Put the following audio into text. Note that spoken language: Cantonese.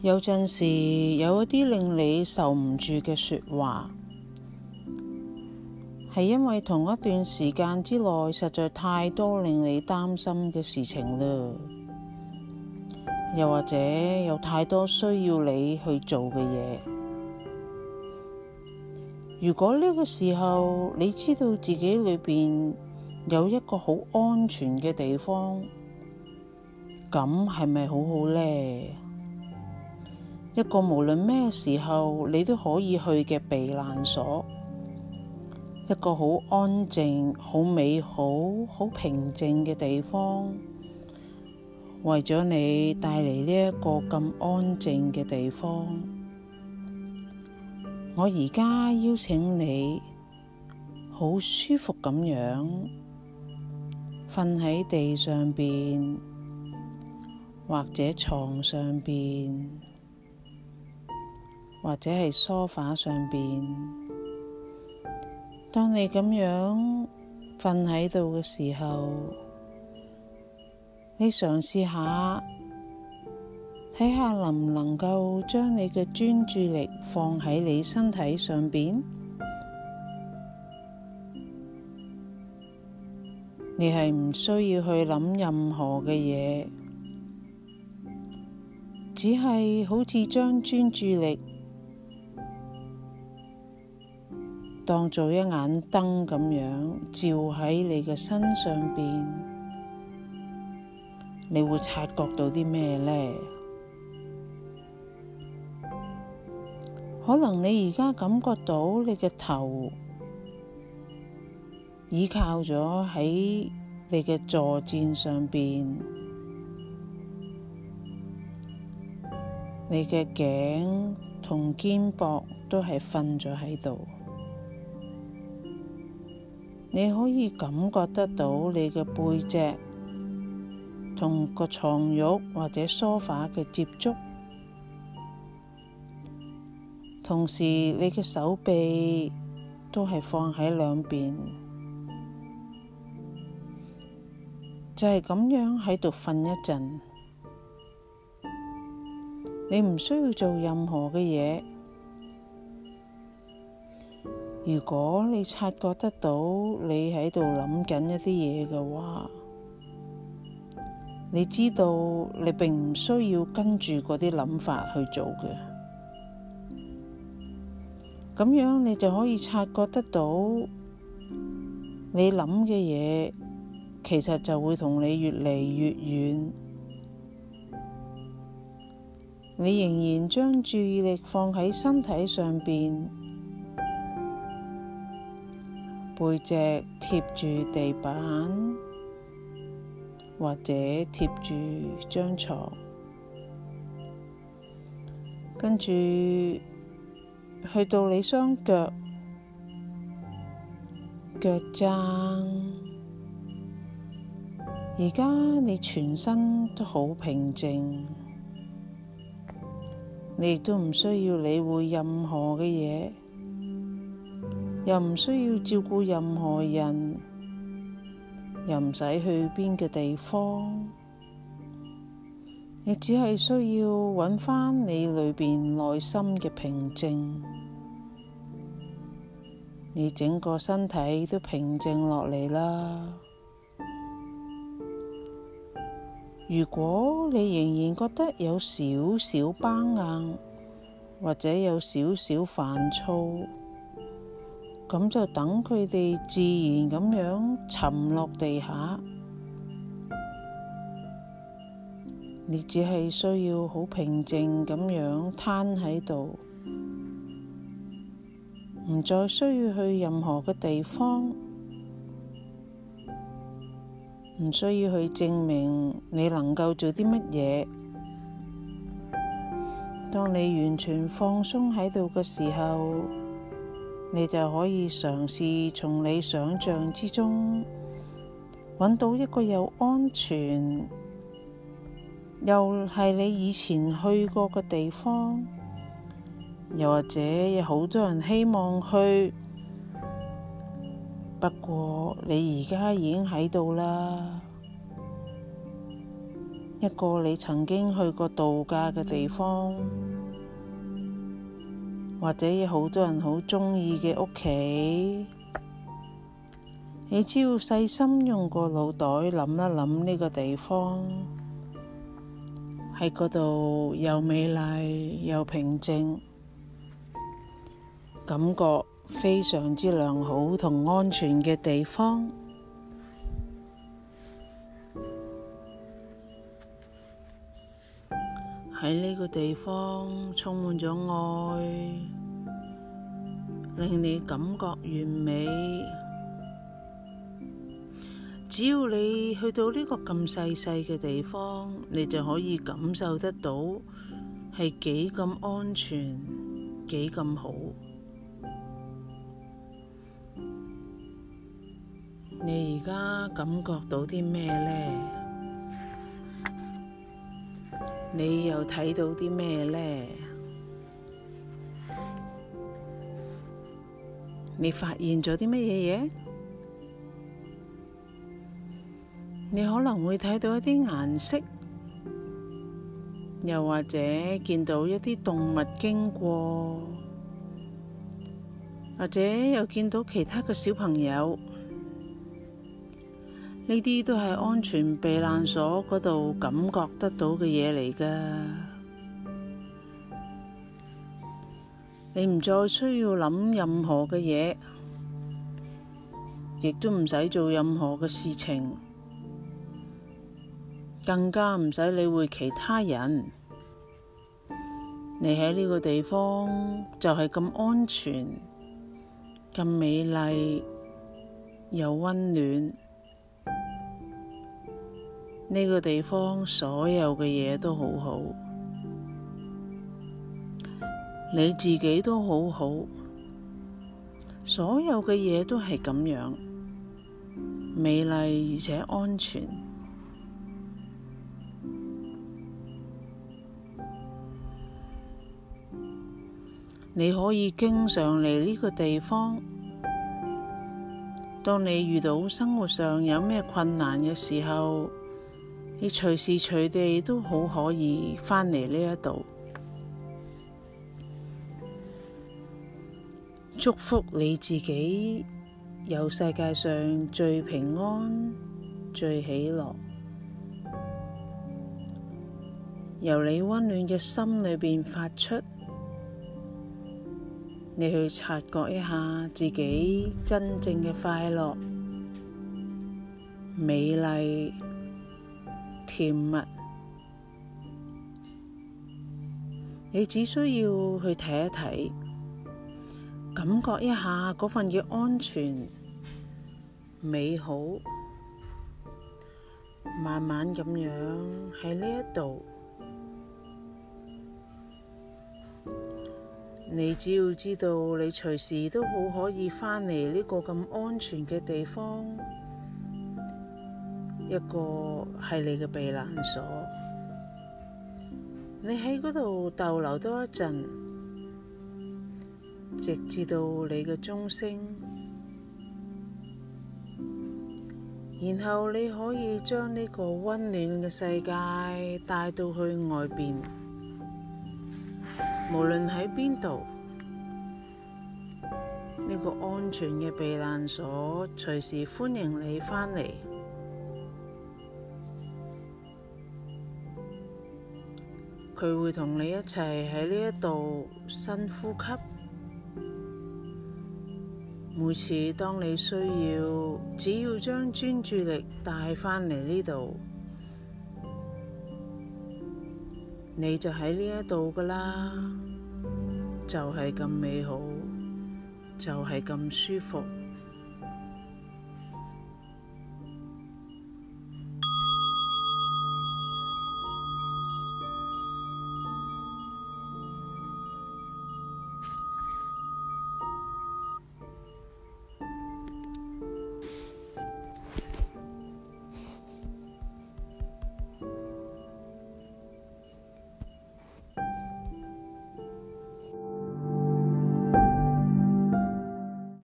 有陣時有一啲令你受唔住嘅說話，係因為同一段時間之內實在太多令你擔心嘅事情嘞，又或者有太多需要你去做嘅嘢。如果呢個時候你知道自己裏邊有一個好安全嘅地方，咁係咪好好咧？一個無論咩時候你都可以去嘅避難所，一個好安靜、好美好、好好平靜嘅地方，為咗你帶嚟呢一個咁安靜嘅地方。我而家邀請你，好舒服咁樣瞓喺地上邊或者床上邊。或者係梳化上邊，當你咁樣瞓喺度嘅時候，你嘗試下睇下能唔能夠將你嘅專注力放喺你身體上邊。你係唔需要去諗任何嘅嘢，只係好似將專注力。當做一眼燈咁樣照喺你嘅身上邊，你會察覺到啲咩呢？可能你而家感覺到你嘅頭倚靠咗喺你嘅坐墊上邊，你嘅頸同肩膊都係瞓咗喺度。你可以感覺得到你嘅背脊同個床褥或者梳化嘅接觸，同時你嘅手臂都係放喺兩邊，就係咁樣喺度瞓一陣，你唔需要做任何嘅嘢。如果你察覺得到你喺度諗緊一啲嘢嘅話，你知道你並唔需要跟住嗰啲諗法去做嘅，咁樣你就可以察覺得到你諗嘅嘢其實就會同你越嚟越遠，你仍然將注意力放喺身體上面。背脊貼住地板，或者貼住張牀，跟住去到你雙腳腳踭。而家你全身都好平靜，你亦都唔需要理會任何嘅嘢。又唔需要照顧任何人，又唔使去邊嘅地方，你只係需要揾翻你裏邊內心嘅平靜，你整個身體都平靜落嚟啦。如果你仍然覺得有少少僵硬，或者有少少煩躁，咁就等佢哋自然咁樣沉落地下，你只係需要好平靜咁樣攤喺度，唔再需要去任何嘅地方，唔需要去證明你能夠做啲乜嘢。當你完全放鬆喺度嘅時候。你就可以嘗試從你想像之中揾到一個又安全又係你以前去過嘅地方，又或者有好多人希望去。不過你而家已經喺度啦，一個你曾經去過度假嘅地方。或者有好多人好鍾意嘅屋企，你只要細心用個腦袋諗一諗呢個地方，喺嗰度又美麗又平靜，感覺非常之良好同安全嘅地方。喺呢個地方充滿咗愛，令你感覺完美。只要你去到呢個咁細細嘅地方，你就可以感受得到係幾咁安全，幾咁好。你而家感覺到啲咩呢？你又睇到啲咩咧？你發現咗啲乜嘢嘢？你可能會睇到一啲顏色，又或者見到一啲動物經過，或者又見到其他嘅小朋友。呢啲都係安全避難所嗰度感覺得到嘅嘢嚟㗎。你唔再需要諗任何嘅嘢，亦都唔使做任何嘅事情，更加唔使理會其他人。你喺呢個地方就係咁安全、咁美麗、又溫暖。呢個地方所有嘅嘢都好好，你自己都好好，所有嘅嘢都係咁樣美麗而且安全。你可以經常嚟呢個地方。當你遇到生活上有咩困難嘅時候，你隨時隨地都好可以翻嚟呢一度，祝福你自己由世界上最平安、最喜樂，由你温暖嘅心裏邊發出，你去察覺一下自己真正嘅快樂、美麗。甜蜜，你只需要去睇一睇，感覺一下嗰份嘅安全、美好，慢慢咁樣喺呢一度，你只要知道，你隨時都好可以返嚟呢個咁安全嘅地方。一個係你嘅避難所，你喺嗰度逗留多一陣，直至到你嘅鐘聲，然後你可以將呢個溫暖嘅世界帶到去外邊，無論喺邊度，呢個安全嘅避難所隨時歡迎你返嚟。佢會同你一齊喺呢度深呼吸。每次當你需要，只要將專注力帶返嚟呢度，你就喺呢度噶啦，就係咁美好，就係咁舒服。